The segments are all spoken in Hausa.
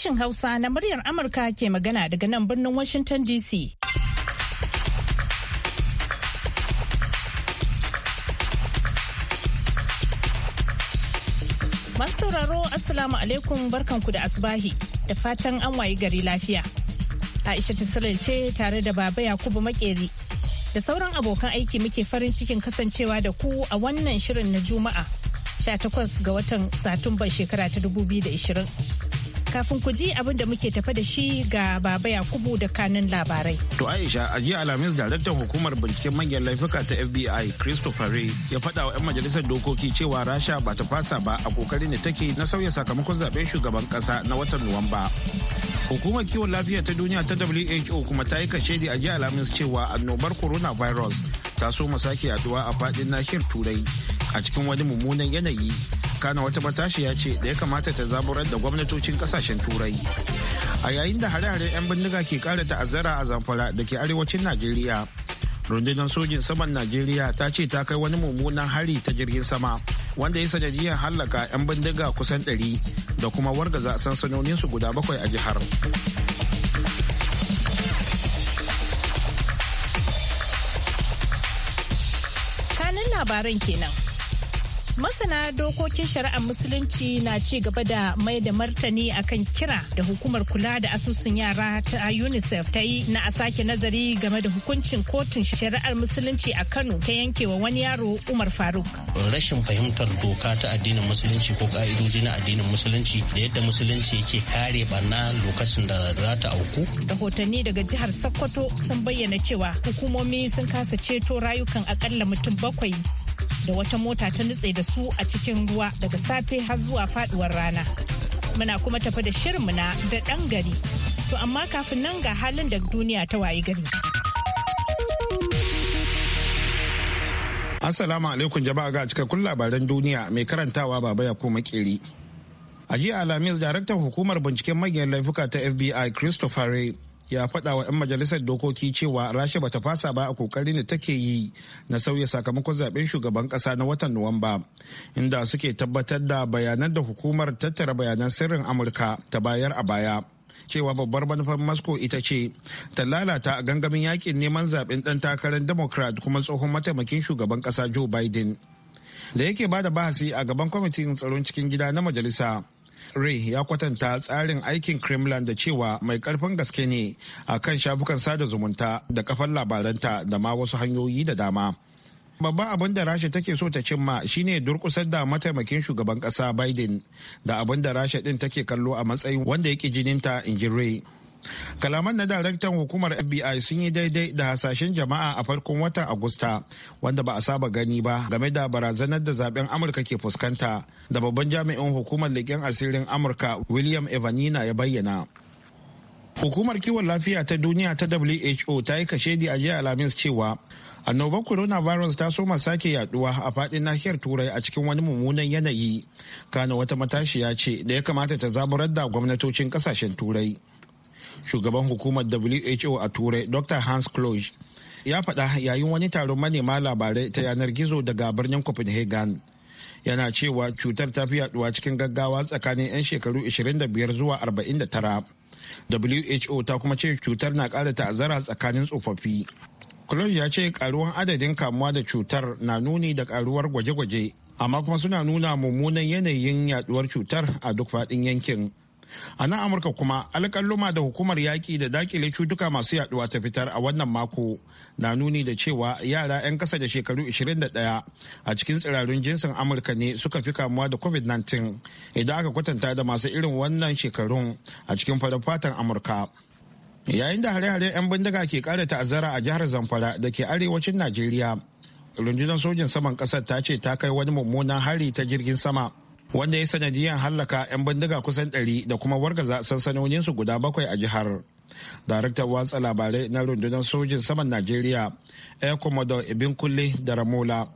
Sashen Hausa na muryar Amurka ke magana daga nan birnin Washington DC. Masu sauraro Assalamu alaikum barkanku da asbahi da fatan an wayi gari lafiya. Aisha Tisirin ce tare da Baba Yakubu Makeri da sauran abokan aiki muke farin cikin kasancewa da ku a wannan shirin na Juma'a 18 ga watan Satumba shekara ta 2020. kafin ku ji abin da muke tafe da shi ga baba yakubu da kanin labarai. To Aisha a jiya Alhamis daraktan hukumar binciken manyan laifuka ta FBI Christopher Ray ya faɗa wa 'yan majalisar dokoki cewa Rasha ba ta fasa ba a kokarin da take na sauya sakamakon zaben shugaban ƙasa na watan Nuwamba. Hukumar kiwon lafiya ta duniya ta WHO kuma ta yi kashedi a jiya Alhamis cewa annobar Corona Virus ta so sake yaduwa a faɗin nahiyar Turai a cikin wani mummunan yanayi kana wata matashiya ce da ya kamata ta zaburar da gwamnatocin kasashen turai a yayin da hare-hare 'yan bindiga ke kara ta'azzara a zamfara da ke arewacin najeriya rundunar sojin saman najeriya ta ce ta kai wani mummunan hari ta jirgin sama wanda ya sanadiyar hallaka 'yan bindiga kusan 100 da kuma wargaza sansanoninsu guda bakwai a jihar kanin labaran kenan masana dokokin shari'ar musulunci na ci gaba da mai da martani akan kira da hukumar kula da asusun yara ta unicef ta yi na a sake nazari game da hukuncin kotun shari'ar musulunci a kano ta yankewa wani yaro umar faruk rashin fahimtar doka ta addinin musulunci ko ka'idoji na addinin musulunci da yadda musulunci yake kare barna lokacin da za ta auku rahotanni daga jihar sokoto sun bayyana cewa hukumomi sun kasa ceto rayukan akalla mutum bakwai da wata mota ta nutse da su a cikin ruwa daga safe har zuwa faduwar rana. Muna kuma tafi da shirinmu na da ɗan gari. To amma kafin nan ga halin da duniya ta wayi gari. Assalamu alaikum jama'a ga cikakkun labaran duniya mai karantawa baba ya kuma keri A jiya Alhamis daraktan hukumar binciken manyan laifuka ta FBI Christopher Ray ya faɗa wa 'yan majalisar dokoki cewa rasha bata fasa ba a kokarin da take yi na sauya sakamakon zaben shugaban kasa na watan nuwamba inda suke tabbatar da bayanan da hukumar tattara bayanan sirrin amurka ta bayar a baya cewa babbar manufar moscow ita ce ta lalata a gangamin yakin neman zaben dan takarar democrat kuma tsohon mataimakin shugaban kasa joe biden da yake ba da bahasi a gaban kwamitin tsaron cikin gida na majalisa Ray ya kwatanta tsarin aikin Kremlin da cewa mai karfin gaske ne a kan shafukan sada zumunta da kafar labaranta da ma wasu hanyoyi da dama. Babban abin da Rasha take so ta cimma shine durkusar da mataimakin shugaban kasa Biden da abin da Rasha din take kallo a matsayin wanda yake jininta in ji Ray. kalaman na daraktan hukumar fbi sun yi daidai da hasashen jama'a a farkon watan agusta wanda ba a saba gani ba game da barazanar da zaben amurka ke fuskanta da babban jami'in hukumar leƙen asirin amurka william evanina ya bayyana hukumar kiwon lafiya ta duniya ta who ta yi kashedi a jiya alhamis cewa annobar coronavirus ta soma sake yaduwa a fadin nahiyar turai a cikin wani mummunan yanayi kano wata matashiya ce da ya kamata ta zaburar da gwamnatocin kasashen turai shugaban hukumar who a turai dr hans kloge ya faɗa yayin wani taron manema labarai ta yanar gizo daga birnin copenhagen yana cewa cutar ta fi yaduwa cikin gaggawa tsakanin 'yan shekaru 25 zuwa 49 who ta kuma ce cutar na ƙara ta'azzara tsakanin tsofaffi Kloge ya ce karuwan adadin kamuwa da cutar na nuni da karuwar gwaje-gwaje amma kuma suna nuna mummunan yanayin yaduwar cutar a duk faɗin yankin a nan amurka kuma alƙalluma da hukumar yaƙi da dakile cutuka masu yaduwa ta fitar a wannan mako na nuni da cewa yara 'yan ƙasa da shekaru 21 a cikin tsirarun jinsin amurka ne suka fi kamuwa da covid-19 idan aka kwatanta da masu irin wannan shekarun a cikin fatan amurka yayin da hare-hare 'yan bindiga ke ƙara ta'azzara a jihar zamfara da ke arewacin najeriya rundunar sojin saman kasar ta ce ta kai wani mummunan hari ta jirgin sama wanda ya sanadiyar hallaka 'yan bindiga kusan 100 da kuma wargaza sansanoninsu guda bakwai a jihar. Daraktan watsa labarai na rundunar sojin saman Najeriya, Air Commodore Ibin Kulle da Ramola,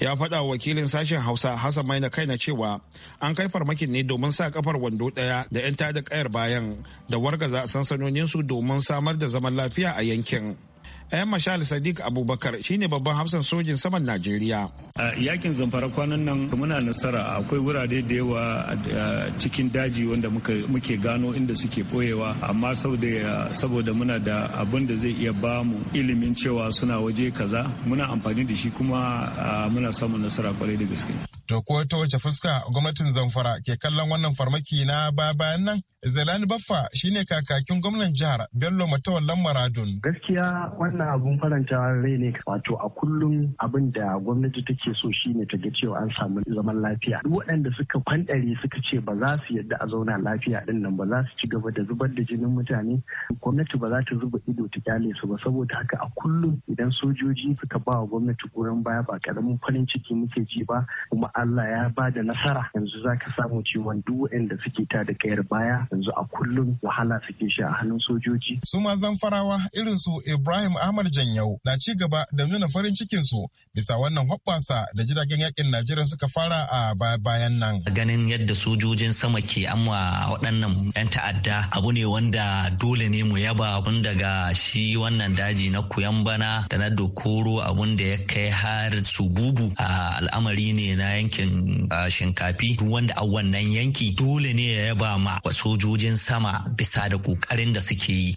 ya faɗa wakilin sashen Hausa Hassan Maina kai na cewa an kai farmakin ne domin sa kafar wando ɗaya da 'yan tada kayar bayan da wargaza sansanoninsu domin samar da zaman lafiya a yankin. Ayan Mashal Sadiq Abubakar shine babban hafsan sojin saman Najeriya. A yakin zamfara kwanan nan muna nasara akwai wurare da yawa cikin daji wanda muke gano inda suke boyewa amma saboda muna da abin da zai iya ba mu ilimin cewa suna waje kaza muna amfani da shi kuma muna samun nasara kwarai da gaske. To ko ta wace fuska gwamnatin zamfara ke kallon wannan farmaki na bayan nan? Zelani Baffa shine kakakin gwamnan jihar Bello Matawallan Maradun. Gaskiya wannan abun faranta rai ne wato a kullum abin da gwamnati take so shi ne ta ga cewa an samu zaman lafiya duk waɗanda suka kwandare suka ce ba za su yadda a zauna lafiya din nan ba za su ci gaba da zubar da jinin mutane gwamnati ba za ta zuba ido ta kyale su ba saboda haka a kullum idan sojoji suka ba wa gwamnati goyon baya ba karamin farin ciki muke ji ba kuma Allah ya ba da nasara yanzu za ka samu cewa duk waɗanda suke ta da kayar baya yanzu a kullum wahala suke sha a hannun sojoji su ma zamfarawa irin su Ibrahim Ahmad Janyau na ci gaba da nuna farin cikin su bisa wannan hoɓɓasa da jiragen yakin Najeriya suka fara a bayan nan. Ganin yadda sojojin sama ke amma waɗannan 'yan ta'adda abu ne wanda dole ne mu yaba abun daga shi wannan daji na bana da na Dokoro abun da ya kai har bubu a al'amari ne na yankin shinkafi duk wanda a wannan yanki dole ne ya yaba ma sojojin sama bisa da ƙoƙarin da suke yi.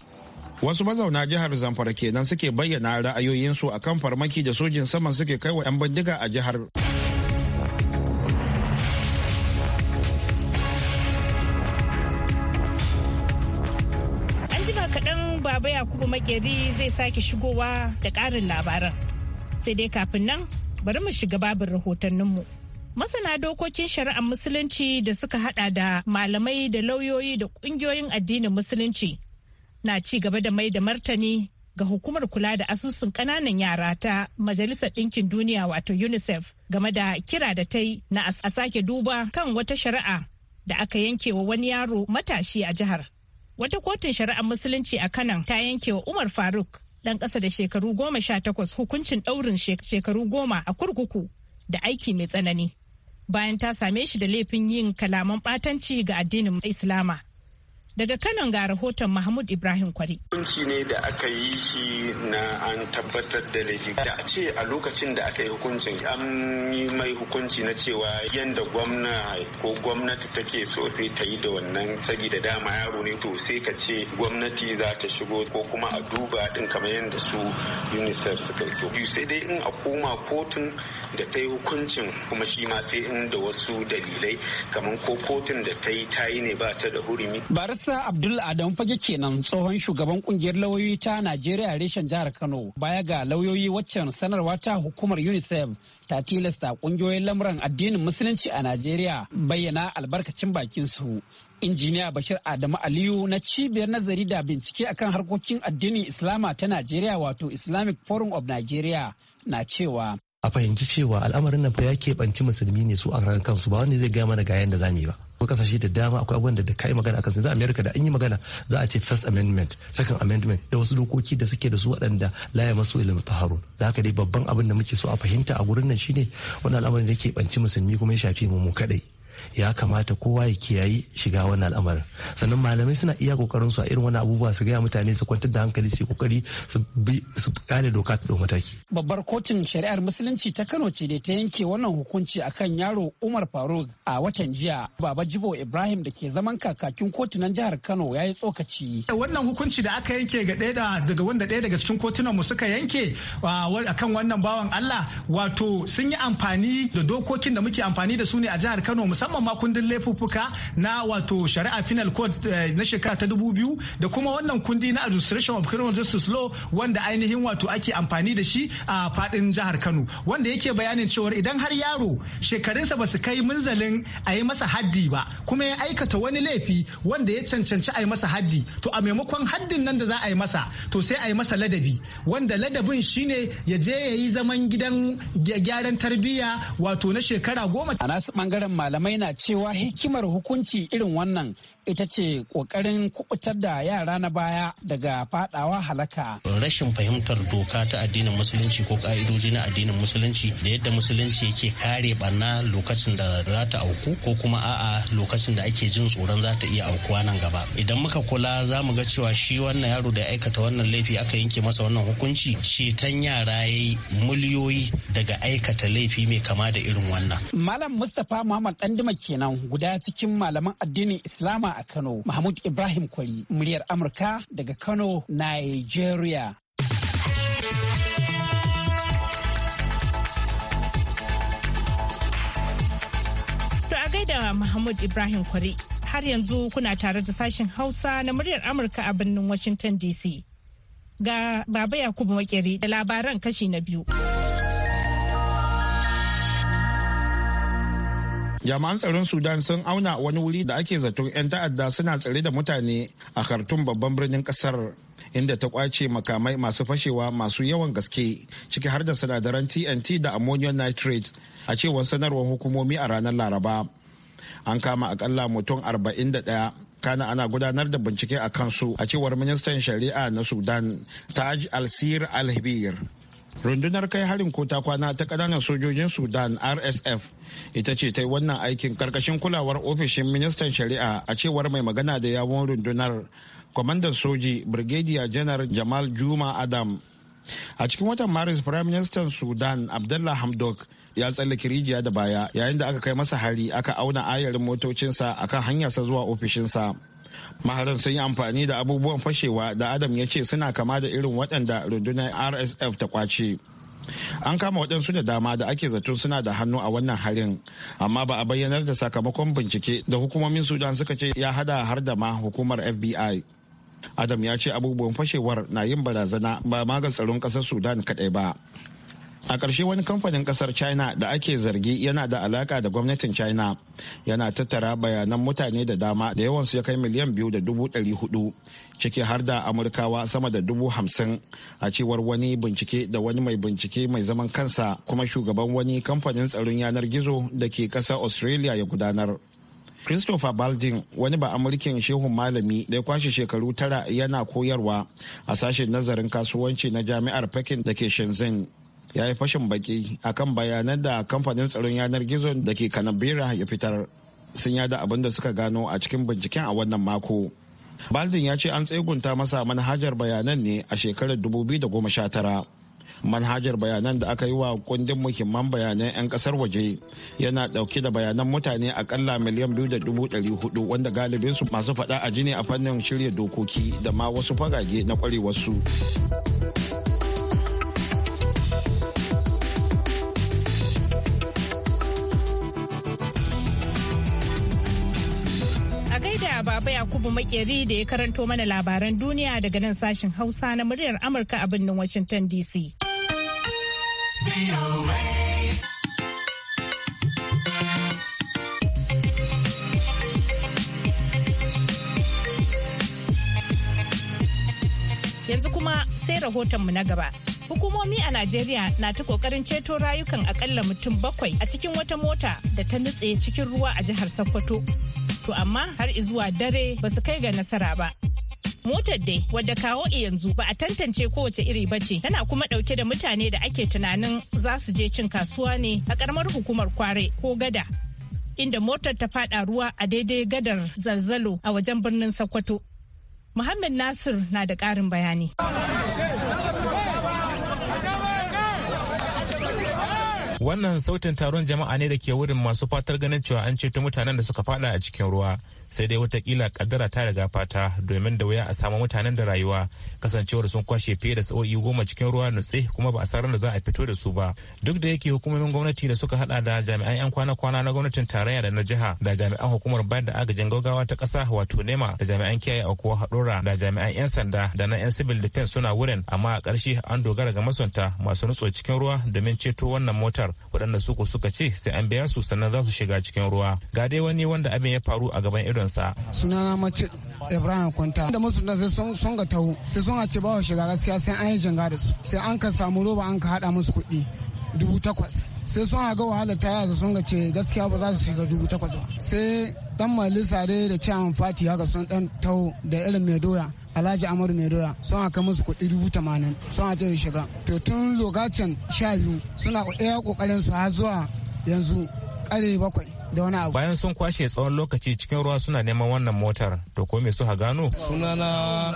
wasu mazauna jihar zamfara kenan suke bayyana ra'ayoyinsu a kan farmaki da sojin saman suke kai wa 'yan bindiga a jihar An kaɗan Baba Yakubu Makeri zai sake shigowa da ƙarin labaran. Sai dai kafin nan bari mu shiga babin rahotanninmu. Masana dokokin shari'ar Musulunci da suka hada da malamai da lauyoyi da ƙungiyoyin addinin Musulunci na ci gaba da mai da martani ga hukumar kula da asusun ƙananan yara ta Majalisar Ɗinkin Duniya wato UNICEF game da kira da ta yi na a sake duba kan wata shari'a da aka yanke wa wani yaro matashi a jihar. Wata kotun shari'ar musulunci a Kanan ta yanke wa Umar Faruk ɗan ƙasa da shekaru goma sha takwas hukuncin ɗaurin shekaru goma a kurkuku da aiki mai tsanani. Bayan ta same shi da laifin yin kalaman ɓatanci ga addinin Islama. Daga kanan ga rahoton Mahmud Ibrahim Kwari. Hukunci ne da aka yi shi na an tabbatar da laifi. Da a ce a lokacin da aka yi hukuncin an yi mai hukunci na cewa yadda gwamna ko gwamnati take so sai ta yi da wannan sagi da dama yaro ne to sai ka ce gwamnati za ta shigo ko kuma a duba din kamar yadda su UNICEF suka yi. Sai dai in a koma kotun da ta yi hukuncin kuma shi ma sai in da wasu dalilai kamar ko kotun da ta yi ta yi ne ba ta da hurumi. Musa Abdul Adam Fage kenan tsohon shugaban kungiyar lauyoyi ta Najeriya reshen jihar Kano baya ga lauyoyi waccan sanarwa ta hukumar UNICEF ta tilasta kungiyoyin lamuran addinin musulunci a Najeriya bayyana albarkacin bakin su. Injiniya Bashir Adamu Aliyu na cibiyar nazari da bincike akan harkokin addinin Islama ta Najeriya wato Islamic Forum of Nigeria na cewa. A fahimci cewa al'amarin nan fa ya keɓanci musulmi ne su a kansu ba wanda zai gaya mana ga yanda zamu yi ba. ko kasashe da dama akwai abubuwan da kai magana akan za amerika da an yi magana za a ce first amendment second amendment da wasu dokoki da suke da su waɗanda la ya masu ilmi taharun da haka dai babban abin da muke so a fahimta a gurin nan shine wannan al'amarin da ke banci musulmi kuma ya shafi mu mu kadai ya kamata kowa ya kiyayi shiga wannan al'amarin sannan malamai suna iya kokarin su a irin wani abubuwa su gaya mutane su kwantar da hankali su kokari su kare doka ta dau mataki babbar kotun shari'ar musulunci ta Kano ce da ta yanke wannan hukunci akan yaro Umar Faruk a watan jiya baba Jibo Ibrahim da ke zaman kakakin kotunan jihar Kano ya yi tsokaci wannan hukunci da aka yanke ga ɗaya daga wanda ɗaya daga cikin kotunan mu suka yanke akan wannan bawan Allah wato sun yi amfani da dokokin da muke amfani da su ne a jihar Kano musamman musamman ma kundin laifuffuka na wato shari'a final code eh, na shekara ta dubu biyu da kuma wannan kundi na administration of criminal justice law wanda ainihin wato ake amfani da shi a fadin jihar kano wanda yake bayanin cewa idan har yaro shekarunsa ba su kai munzalin a yi masa haddi ba kuma ya aikata wani laifi wanda ya cancanci a yi masa haddi to a maimakon haddin nan da za a yi masa to sai a yi masa ladabi wanda ladabin shine ya je ya yi zaman gidan gyaran tarbiyya wato na shekara goma a nasu bangaren malamai na cewa hikimar hukunci irin wannan ita ce kokarin kubutar da yara na baya daga fadawa halaka. Rashin fahimtar doka ta addinin musulunci ko ka'idoji na addinin musulunci da yadda musulunci yake kare barna lokacin da za ta auku ko kuma a'a lokacin da ake jin tsoron za ta iya aukuwa nan gaba. Idan muka kula za mu ga cewa shi wannan yaro da ya aikata wannan laifi aka yanke masa wannan hukunci tan yara ya miliyoyi daga aikata laifi mai kama da irin wannan. Malam Mustapha Muhammad Dandima kenan guda cikin malaman addinin Islama a Kano. Mahmud Ibrahim Kwari, muryar Amurka daga Kano, Nigeria. gaida Mahmud Ibrahim Kwari har yanzu kuna tare da sashen Hausa na muryar Amurka a birnin Washington DC. Ga Baba Yakubu Makeri da labaran kashi na biyu. jami'an tsaron sudan sun auna wani wuri da ake zaton 'yan ta'adda suna tsare da mutane a khartoum babban birnin kasar inda ta kwace makamai masu fashewa masu yawan gaske ciki har da sinadaran tnt da ammonium nitrate a cewar sanarwar hukumomi a ranar laraba an kama akalla mutum 41 kana ana gudanar da bincike a kansu a cewar ministan shari'a na sudan taj al-sir al-hibir rundunar kai harin ko ta kwana ta kananan sojojin sudan rsf ita ce ta yi wannan aikin karkashin kulawar ofishin ministan shari'a a cewar mai magana da yawon rundunar kwamandan soji brigadier janar jamal juma adam a cikin watan maris prime minister sudan abdullah hamdok ya tsallake rijiya da baya yayin da aka kai masa hari aka auna ayarin motocinsa akan hanyarsa zuwa ofishinsa maharan sun yi amfani da abubuwan fashewa da adam ya ce suna kama da irin waɗanda rundunar rsf ta kwace an kama waɗansu da dama da ake zato suna da hannu a wannan harin amma ba a bayyanar da sakamakon bincike da hukumomin sudan suka ce ya hada har da ma hukumar fbi adam ya ce abubuwan fashewar na yin barazana ba ma ga tsaron ƙasar sudan kaɗai ba a ƙarshe wani kamfanin ƙasar china da ake zargi yana da alaka da gwamnatin china yana tattara bayanan mutane da dama da yawan su ya kai miliyan biyu da dubu ɗari hudu ciki har da amurkawa sama da dubu hamsin a cewar wani bincike da wani mai bincike mai zaman kansa kuma shugaban wani kamfanin tsaron yanar gizo da ke ƙasar australia ya gudanar Christopher Baldin wani ba amurkin shehun malami da ya kwashe shekaru tara yana koyarwa a sashen nazarin kasuwanci na jami'ar Pekin da ke Shenzhen ya yi fashin baki akan bayanan da kamfanin tsaron yanar gizon da ke kanabera ya fitar sun yada abin da suka gano a cikin binciken a wannan mako baldin ya ce an tsegunta masa manhajar bayanan ne a shekarar 2019 manhajar bayanan da aka yi wa kundin muhimman bayanan 'yan kasar waje yana dauke da bayanan mutane akalla miliyan biyu da dubu dari hudu wanda galibinsu masu fada a jini a fannin shirya dokoki da ma wasu fagage na kwarewarsu. da Baba Yakubu Makeri da ya karanto mana labaran duniya daga nan sashen Hausa na muryar Amurka a birnin Washington DC. Yanzu kuma sai rahotonmu na gaba. Hukumomi a Najeriya na ta kokarin ceto rayukan akalla mutum bakwai a cikin wata mota da ta nutse cikin ruwa a jihar Sokoto. to amma har zuwa dare ba su kai ga nasara ba. motar dai wadda kawo yanzu ba a tantance kowace iri ba ce tana kuma ɗauke da mutane da ake tunanin za su je cin kasuwa ne a karamar hukumar kware ko gada inda motar ta faɗa ruwa a daidai gadar zarzalo a wajen birnin sokoto muhammad nasir na da ƙarin bayani Wannan sautin taron jama'a ne da ke wurin masu fatar ganin cewa an ceto mutanen da suka fada a cikin ruwa sai dai watakila kaddara ta riga fata domin da wuya a samu mutanen da rayuwa kasancewar sun kwashe fiye da sa'o'i goma cikin ruwa nutse kuma ba a san da za a fito da su ba duk da yake hukumomin gwamnati da suka hada da jami'an yan kwana-kwana na gwamnatin tarayya da na jiha da jami'an hukumar bayar da agajin gaggawa ta kasa wato nema da jami'an kiyaye a aukuwa haɗura da jami'an yan sanda da na yan civil defense suna wurin amma a ƙarshe an dogara ga masunta masu nutso cikin ruwa domin ceto wannan motar waɗanda suko suka ce sai an biya su sannan za su shiga cikin ruwa ga dai wani wanda abin ya faru a gaban irinsa. Sunana mace Ibrahim Kwanta da masu da sai son ga taho sai son a ce ba shiga gaskiya sai an yi jinga da su sai an ka samu roba an ka hada musu kuɗi dubu takwas sai son a ga wahala ta yaza son ga ce gaskiya ba za su shiga dubu takwas ba sai dan malisa dai da ciyaman fati haka sun dan taho da irin mai doya alhaji amaru mai doya sun haka musu kuɗi dubu tamanin sun hace su shiga to tun lokacin sha biyu suna iya kokarin su har zuwa yanzu kare bakwai da wani abu bayan sun kwashe tsawon lokaci cikin ruwa suna neman wannan motar to ko me ha gano sunana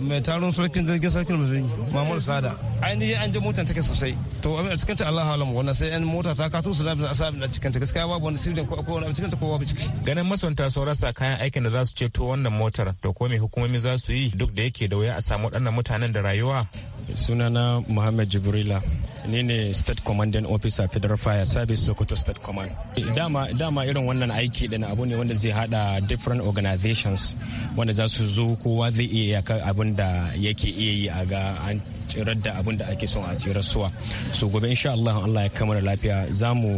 mai taron sarkin jirgin sarkin musulmi mamadu sada ainihin an ji motar take sosai to a cikin ta allah halamu wannan sai yan mota ta kato su a asabin a cikin ta gaskiya babu wani sirrin ko wani cikin ta ko babu ciki ganin masunta sun rasa kayan aikin da za su ceto wannan motar to ko me hukumomi za su yi duk da yake da wuya a samu waɗannan mutanen da rayuwa sunana muhammad jibrila ni ne state commanding officer federal fire service sokoto state command dama dama irin wannan aiki din abu ne wanda zai hada different organizations wanda za su zo kowa zai iya abin da yake iya yi a ga an tsirar da abin da ake son a tsirar suwa so gobe insha Allah Allah ya kamar lafiya za mu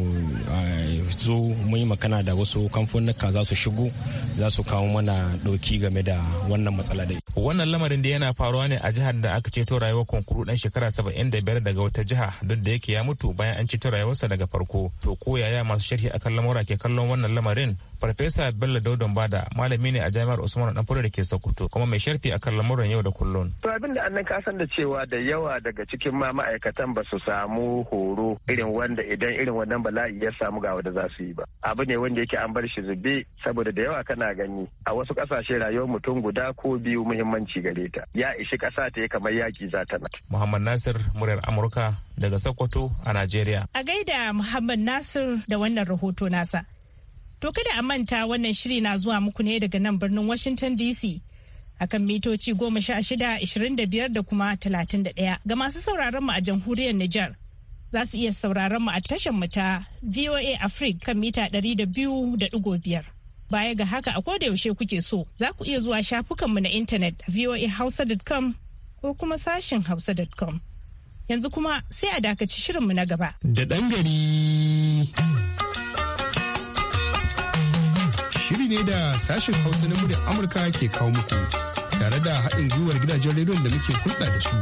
zo mu yi makana da wasu kamfanuka za su shigo za su kawo mana ɗauki game da wannan matsala dai wannan lamarin da yana faruwa ne a jihar da aka ceto rayuwar kunkuru dan shekara da 75 daga wata jiha duk da yake ya mutu bayan an ceto rayuwarsa daga farko to ko yaya masu sharhi akan lamura ke kallon wannan lamarin Farfesa Bello Daudon Bada malami ne a Jami'ar Usman fure da ke Sokoto kuma mai sharfi akan lamuran yau da kullun. To abin da annan ka san da cewa da yawa daga cikin ma ma'aikatan ba su samu horo irin wanda idan irin wannan bala'i ya samu ga wanda za su yi ba. Abu ne wanda yake an bar shi zube saboda da yawa kana gani a wasu kasashe rayuwar mutum guda ko biyu muhimmanci gare ta. Ya ishi kasa ta yi kamar yaki za ta nata. Muhammad Nasir muryar Amurka daga Sokoto a Najeriya. A gaida Muhammad Nasir da wannan rahoto nasa. To kada a manta wannan shiri na zuwa muku ne daga nan birnin Washington DC. akan mitoci goma sha shida ishirin da biyar da kuma talatin da ɗaya ga masu sauraron mu a jamhuriyar Nijar. Za su iya sauraron mu a tashar mu ta VOA Africa kan mita ɗari da biyu da ɗigo biyar. Baya ga haka a koda yaushe kuke so za ku iya zuwa shafukan mu na intanet a voahausa.com ko kuma sashin hausa.com. Yanzu kuma sai a dakaci shirinmu na gaba. Da ɗan gari. shiri ne da sashen hausa na muryar amurka ke kawo muku tare da haɗin gwiwar gidajen rediyon da muke hulɗa da su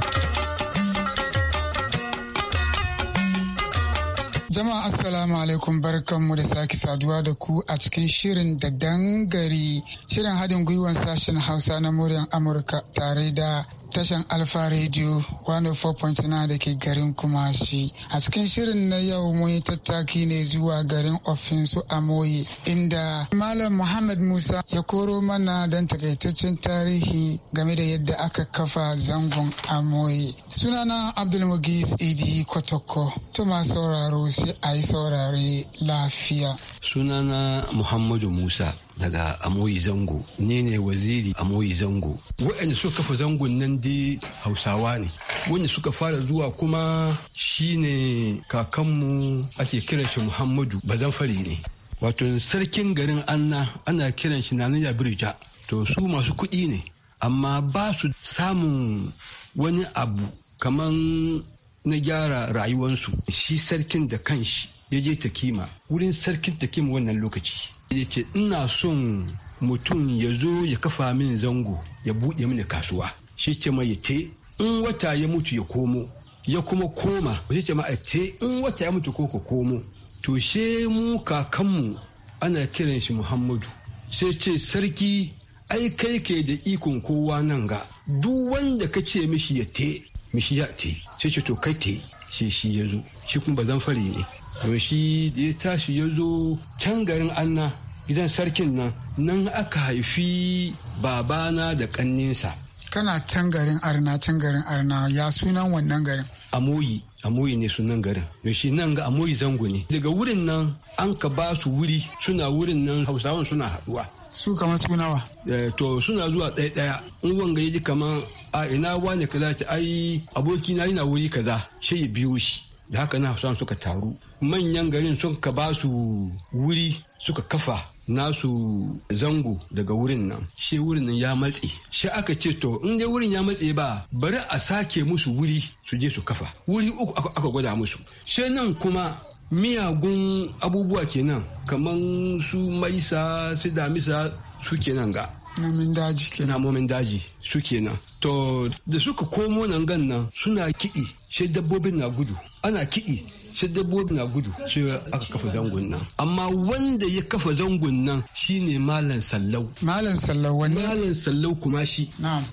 jama'a assalamu alaikum barkanmu da sake saduwa da ku a cikin shirin da dangari shirin haɗin gwiwar sashen hausa na muryar amurka tare da tashan alfa radio 104.9 da ke garin kumashi a cikin shirin na yau mun tattaki ne zuwa garin ofinsu a moye inda malam muhammad musa ya koro mana don takaitaccen tarihi game da yadda aka kafa zangon a amoye sunana abdulmugis idi kotoko to ma sauraro sai a yi saurare lafiya sunana muhammadu musa daga amoyi zango ni ne waziri amoyi zango waɗanda suka kafa zangon nan dai hausawa ne wanda suka fara zuwa kuma shine kakanmu ake kiran shi muhammadu fari ne wato sarkin garin anna ana kiran shi na birja to su masu kuɗi ne amma ba su samun wani abu kaman na gyara rayuwansu shi sarkin da kanshi ya je takima wurin sarkin takima wannan lokaci yake ina son mutum ya zo ya kafa min zango ya buɗe mini kasuwa shi ce mai te in wata ya mutu ya komo ya kuma koma shi ce mai te in wata ya mutu ko komo to she mu kakanmu ana kiran shi muhammadu sai ce sarki ai kai ke da ikon kowa nan ga duk wanda ka ce mishi ya te mishi ya te sai ce to kai te shi shi ya zo shi kuma bazan fari ne to shi ya tashi ya zo can garin anna gidan sarkin nan nan aka haifi babana da kanninsa kana can garin arna can garin arna ya sunan wannan garin amoyi amoyi ne sunan garin shi nan ga amoyi zango ne daga wurin nan an ka ba su wuri suna wurin nan hausawan suna haduwa su kamar sunawa eh, to suna zuwa ɗaya ɗaya in wanga yaji kamar a ina wani kaza ta ai aboki na yana wuri kaza shi ya biyo shi da haka na hausawan suka taru manyan garin sun ka ba su wuri suka kafa nasu zango daga wurin nan shi wurin ya matse shi aka ce to in dai wurin ya matse ba bari a sake musu wuri su je su kafa wuri uku aka gwada musu shi nan kuma miyagun abubuwa kenan kamar su maisa su damisa su kenan ga namomin daji kenan namomin daji su kenan to da suka komo nan gan nan suna kiɗi shi dabbobin na gudu ana kiɗi sai dabbobi na gudu sai aka kafa zangon nan amma wanda ya kafa zangon nan shine malam sallau malam sallau wani malam sallau kuma shi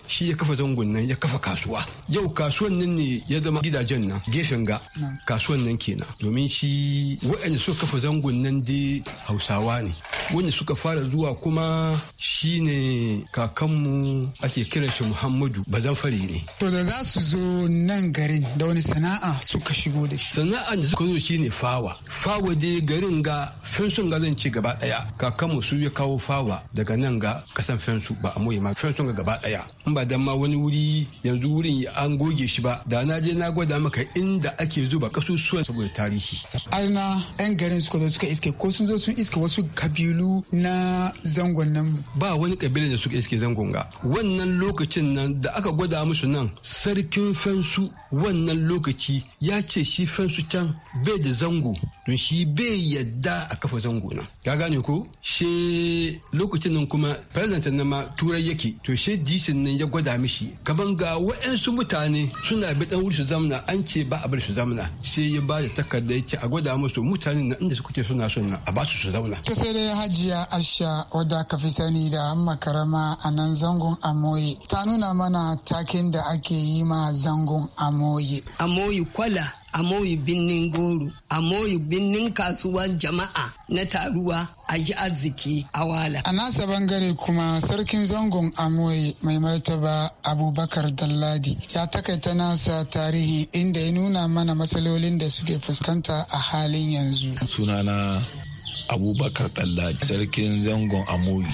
shi ya kafa zangon nan ya kafa kasuwa yau kasuwan nan ne ya zama gidajen nan gefen ga kasuwan nan kenan domin shi waɗanda suka kafa zangon nan dai hausawa ne wanda suka fara zuwa kuma shine kakanmu ake kiran shi muhammadu bazan fari ne to da za su zo nan garin da wani sana'a suka shigo da shi sana'an suka shi ne fawa fawa dai garin ga fensun ga zan ci gaba daya kakanmu su ya kawo fawa daga nan ga kasan fensu ba a moye ma fensun ga gaba daya in ba dan ma wani wuri yanzu wurin an goge shi ba da na je na gwada maka inda ake zuba kasusuwan saboda tarihi arna yan garin suka zo suka iske ko sun zo sun iske wasu kabilu na zangon nan ba wani kabila da suka iske zangon ga wannan lokacin nan da aka gwada musu nan sarkin fensu wannan lokaci ya ce shi fensu can bai da zango don shi bai yadda a kafa zango na. ka gane ko she lokacin nan kuma president na ma turai yake to she disin nan ya gwada mishi kaman ga waɗansu mutane suna bi dan wuri su zamna an ce ba a bar su zamna sai ya ba da takarda yake a gwada musu mutanen na inda suke suna son nan a ba su su zauna ta sai dai hajiya asha wadda ka fi sani da makarama a nan zangon amoyi ta nuna mana takin da ake yi ma zangon amoyi amoyi kwala a moyi binnin goro a moyi binnin kasuwan jama'a na taruwa a yi arziki a wala. A nasa bangare kuma sarkin zangon Amoyi mai martaba Abubakar Dalladi ya takaita nasa tarihi inda ya nuna mana matsalolin da suke fuskanta a halin yanzu. Sunana Abubakar Dalladi sarkin zangon Amoyi.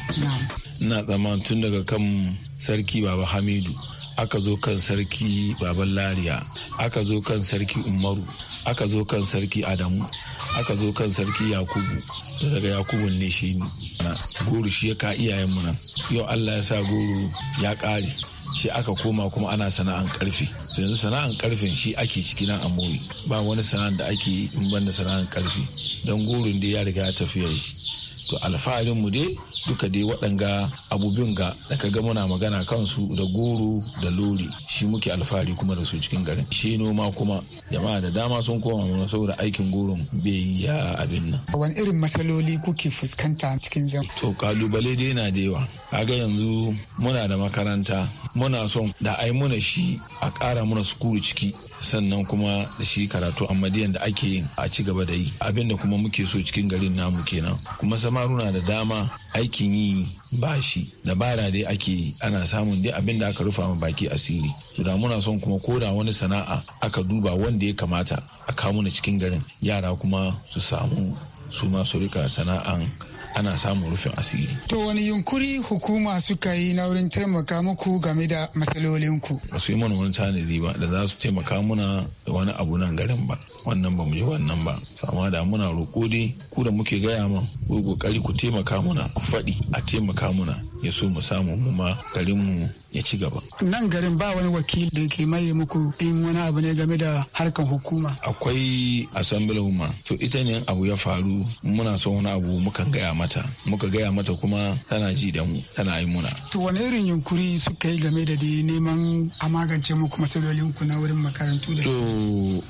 Ina tsaman tun daga kan sarki Baba Hamidu. aka zo kan sarki baban lariya aka zo kan sarki umaru aka zo kan sarki adamu aka zo kan sarki yakubu da daga yakubun ne shi ne goro shi ya ka iyayen mu nan yau allah ya sa goro ya kare shi aka koma kuma ana sana'an karfe yanzu sana'an karfen shi ake ciki nan a ba wani sana'an da ake yi in banda sana'an karfe don goron da ya riga ya tafiya shi to alfaharin mu dai duka dai waɗanga abubuwan ga da ka ga muna magana kansu da goro da lori shi muke alfahari kuma da su cikin garin shi noma kuma jama'a da dama sun koma mana saboda aikin gurin bai yi ya abin nan wani irin matsaloli kuke fuskanta cikin zan to kalubale dai na da yawa kaga yanzu muna da makaranta muna son da ai muna shi a kara muna sukuru ciki sannan kuma da shi karatu amma da ake yin a ci gaba da yi abinda kuma muke so cikin garin namu kenan kuma samaruna da dama aikin yi ba shi dabara dai ake yi ana samun dai abinda aka rufa ma baki asiri to da muna son kuma koda wani sana'a aka duba wani da ya kamata a kawo mana cikin garin yara kuma su samu su ma su rika sana'an ana samun rufin asiri. To wani yunkuri hukuma suka yi na wurin taimaka muku game da matsalolinku? Ba su yi mana wani tanadi ba da za su taimaka muna da wani abu nan garin ba. Wannan ba mu ji wannan ba. Sama da muna roƙo dai ku da muke gaya man ku kokari ku taimaka muna ku faɗi a taimaka muna ya so mu samu mu ma garin mu ya ci gaba. Nan garin ba wani wakili da ke maye muku in wani abu ne game da harkan hukuma. Akwai assembly to ita ne abu ya faru muna son wani abu mukan gaya mata muka gaya mata kuma tana ji da mu tana yi muna to wani irin yunkuri suka yi game da dai neman a magance muku matsalolin ku na wurin makarantu da to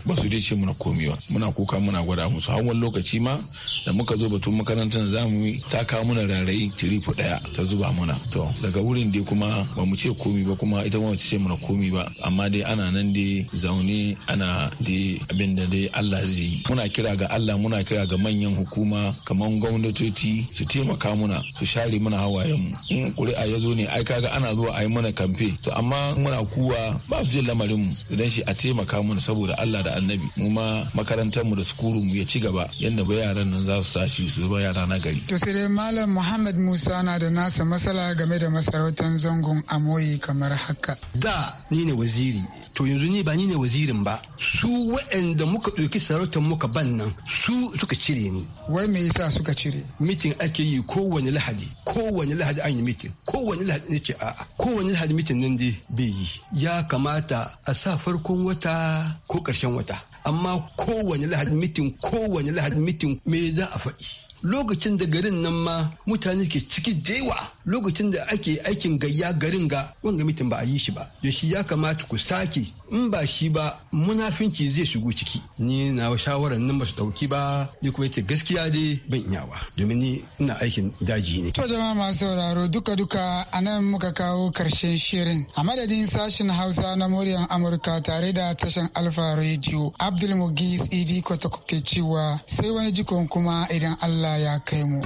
ba su dai ce muna komi ba muna kuka muna gwada musu har wani lokaci ma da muka zo batun makarantar za mu yi ta kawo muna rarayi tirifu daya ta zuba muna to daga wurin dai kuma ba mu ce komi ba kuma ita ma ce muna komi ba amma dai ana nan dai zaune ana dai abin da dai Allah zai yi muna kira ga Allah muna kira ga manyan hukuma kamar gwamnatoci su taimaka muna su share muna mu in kuri'a ya zo ne ai kaga ana zuwa a yi mana kamfe to amma muna kuwa ba su jin lamarin mu idan shi a taimaka muna saboda Allah da Annabi mu ma makarantar mu da sukuru mu ya ci gaba yanda ba yaran nan za su tashi su ba yara na gari to sai dai malam Muhammad Musa na da nasa masala game da masarautar zangon Amoyi kamar haka da ni ne waziri to yanzu ni ba ni ne wazirin ba su waɗanda muka ɗauki sarautar muka ban nan su suka cire ni wai me yasa suka cire mitin ake yi kowane lahadi kowane lahadi an yi mitin kowane lahadi ne ce a'a kowane lahadi mitin nan dai bai yi ya kamata a sa farkon wata ko ƙarshen wata amma kowane lahadi mitin kowane lahadi mitin me za a faɗi lokacin da garin nan ma mutane ke ciki da yawa lokacin da ake aikin gayya garin ga wanga mitin ba a yi shi ba yaushe ya kamata ku sake in ba shi ba munafinci zai shigo ciki ni na shawarar nan su dauki ba ni kuma yake gaskiya dai ban iya ba domin ni ina aikin daji ne to jama'a masu sauraro duka duka anan muka kawo karshen shirin a madadin sashen Hausa na muryan Amurka tare da tashan Alfa Radio Abdul Mugis Idi Kwata kuke cewa sai wani jikon kuma idan Allah ya kai mu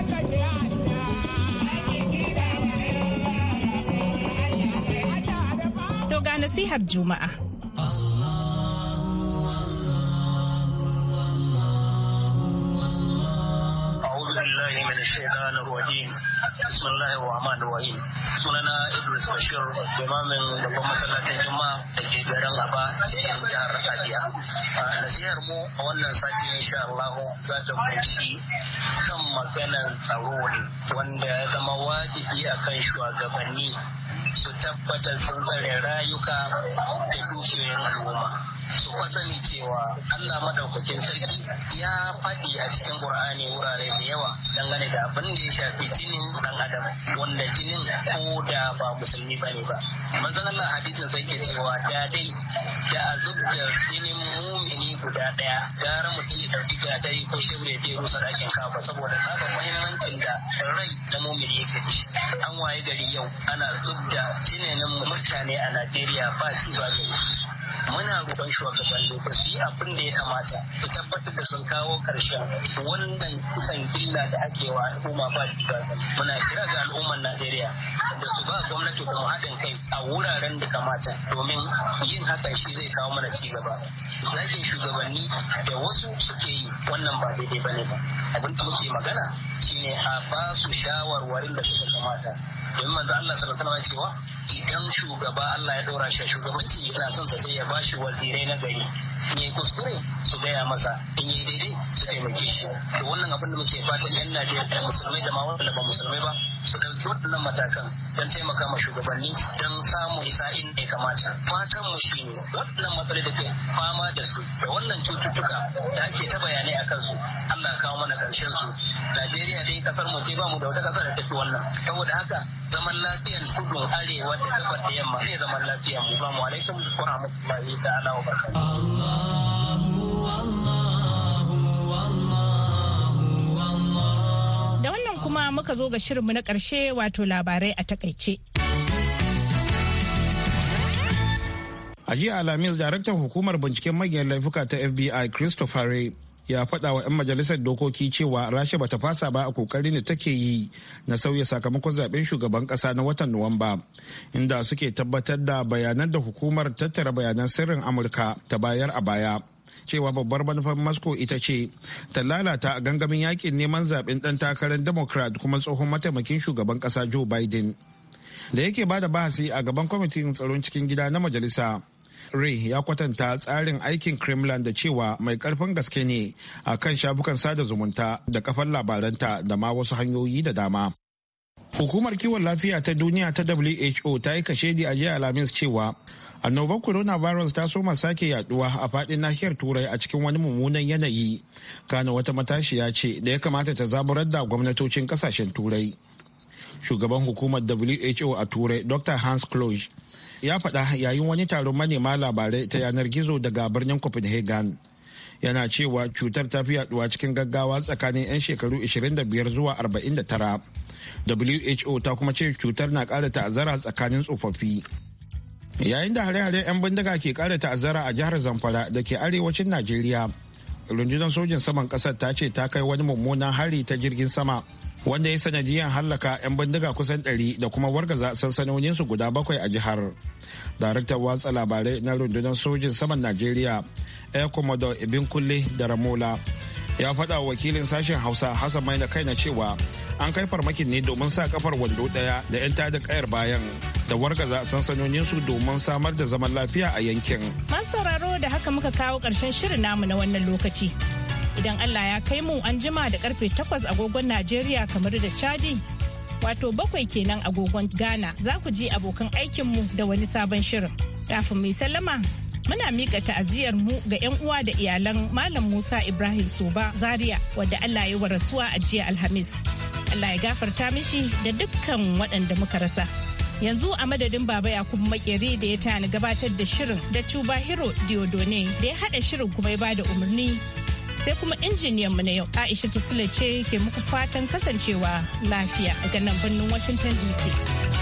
To ga nasihar Juma'a. بالله من الشيطان sunana Idris Bashir imamin babban masallacin Juma'a da garin Aba jihar Hadiya. Nasihar a wannan sati insha Allah za ta kunshi kan maganar tsaro ne wanda ya zama wajibi akan shugabanni su tabbatar sun rayuka da dukiyoyin al'umma. su fa sani cewa Allah madaukakin sarki ya faɗi a cikin Qur'ani wurare da yawa dangane da abin da ya shafi jinin dan adam wanda jinin ko da ba musulmi bane ba manzon Allah hadisin sai ke cewa da dai da azub da jinin mumini guda daya gara mutum ya dauki ga dai ko shebre ya rusa dakin kafa saboda sabon muhimmancin da rai da mumini yake ci an waye gari yau ana zubda jinin mutane a Najeriya ba shi ba ne muna roƙon shugaban lokaci su yi abin da ya kamata su tabbatar da sun kawo ƙarshen wannan kisan illa da ake wa al'umma ba su ba muna kira ga al'umman Najeriya da su ba gwamnati don haɗin kai a wuraren da kamata domin yin hakan shi zai kawo mana ci gaba zagin shugabanni da wasu suke yi wannan ba daidai ba ne ba abin da muke magana shine a ba su shawarwarin da suka kamata don manzo Allah sallallahu alaihi cewa idan shugaba Allah ya dora shi shugabanci yana son sa sai ya bashi wazirai na gari ne kuskure su gaya masa in yi daidai su taimake shi to wannan abin da muke fatan yan Najeriya da musulmai da ma wanda ba musulmai ba su ɗauki waɗannan matakan don taimaka ma shugabanni don samun sa'in da ya kamata fatan mu shi ne wannan matsalar da ke fama da su da wannan cututtuka da ake ta bayanai a kansu Allah kawo mana karshen su Najeriya dai kasar mu ce ba mu da wata kasar da tafi wannan saboda haka zaman lafiyar kudun arewa da gabar da yamma sai zaman lafiya mu ba mu alaikum wa rahmatullahi ta'ala wa barakatuh Allah kuma muka zo ga shirinmu na ƙarshe wato labarai a takaice. A jiya Alhamis, daraktan hukumar binciken manyan laifuka ta FBI Christopher Ray ya faɗa wa 'yan majalisar dokoki cewa rasha bata fasa ba a kokarin da take yi na sauya sakamakon zaben shugaban ƙasa na watan nuwamba inda suke tabbatar da bayanan da hukumar tattara bayanan sirrin amurka ta bayar a baya cewa babbar manufar moscow ita ce ta lalata a gangamin yakin neman zaben dan takarar democrat kuma tsohon mataimakin shugaban kasa joe biden da yake bada bahasi a gaban kwamitin tsaron cikin gida na majalisa ray ya kwatanta tsarin aikin kremlin da cewa mai karfin gaske ne a kan shafukan sada zumunta da kafar labaranta da ma wasu hanyoyi da dama hukumar kiwon lafiya ta duniya ta who ta yi kashedi a jiya alhamis cewa annobar coronavirus ta soma sake yaduwa a fadin nahiyar turai a cikin wani mummunan yanayi kana wata matashiya ce da ya kamata ta zaburar da gwamnatocin kasashen turai shugaban hukumar who a turai dr hans kloj ya faɗa yayin wani taron manema labarai ta yanar gizo daga birnin copenhagen yana cewa cutar ta fi yaduwa cikin gaggawa tsakanin 'yan shekaru 25 zuwa 49 who ta kuma ce cutar na ƙara ta'azzara tsakanin tsofaffi yayin da hare-hare 'yan bindiga ke kara ta'azzara a jihar zamfara da ke arewacin najeriya rundunar sojin saman kasar ta ce ta kai wani mummunan hari ta jirgin sama wanda ya sanadiyar hallaka 'yan bindiga kusan 100 da kuma wargaza su guda bakwai a jihar daraktar watsa labarai na rundunar sojin saman najeriya air commodore ibin kulle da ramola ya faɗa wakilin sashen hausa hassan kai na cewa an kai farmakin ne domin sa kafar wando daya da 'yan tada kayar bayan da wargaza su domin samar da zaman lafiya a yankin. Masu sauraro da haka muka kawo ƙarshen shirin namu na wannan lokaci. Idan Allah ya kai mu an jima da karfe 8 agogon Najeriya kamar da Chadi wato bakwai kenan agogon Ghana za ku ji abokan aikinmu da wani sabon shirin. Kafin mai sallama muna mika ta'aziyar mu ga 'yan uwa da iyalan Malam Musa Ibrahim Soba Zaria wadda Allah ya wa rasuwa a jiya Alhamis. Allah ya gafarta mishi da dukkan waɗanda muka rasa. Yanzu a madadin Baba Yakubu Makeri da ya tani gabatar da shirin da Cuba Hero Diodone da ya haɗa shirin kuma ya bada umarni. Sai kuma injiniyan mu na yau Aisha Tusula ce ke muku fatan kasancewa lafiya ga nan birnin Washington DC.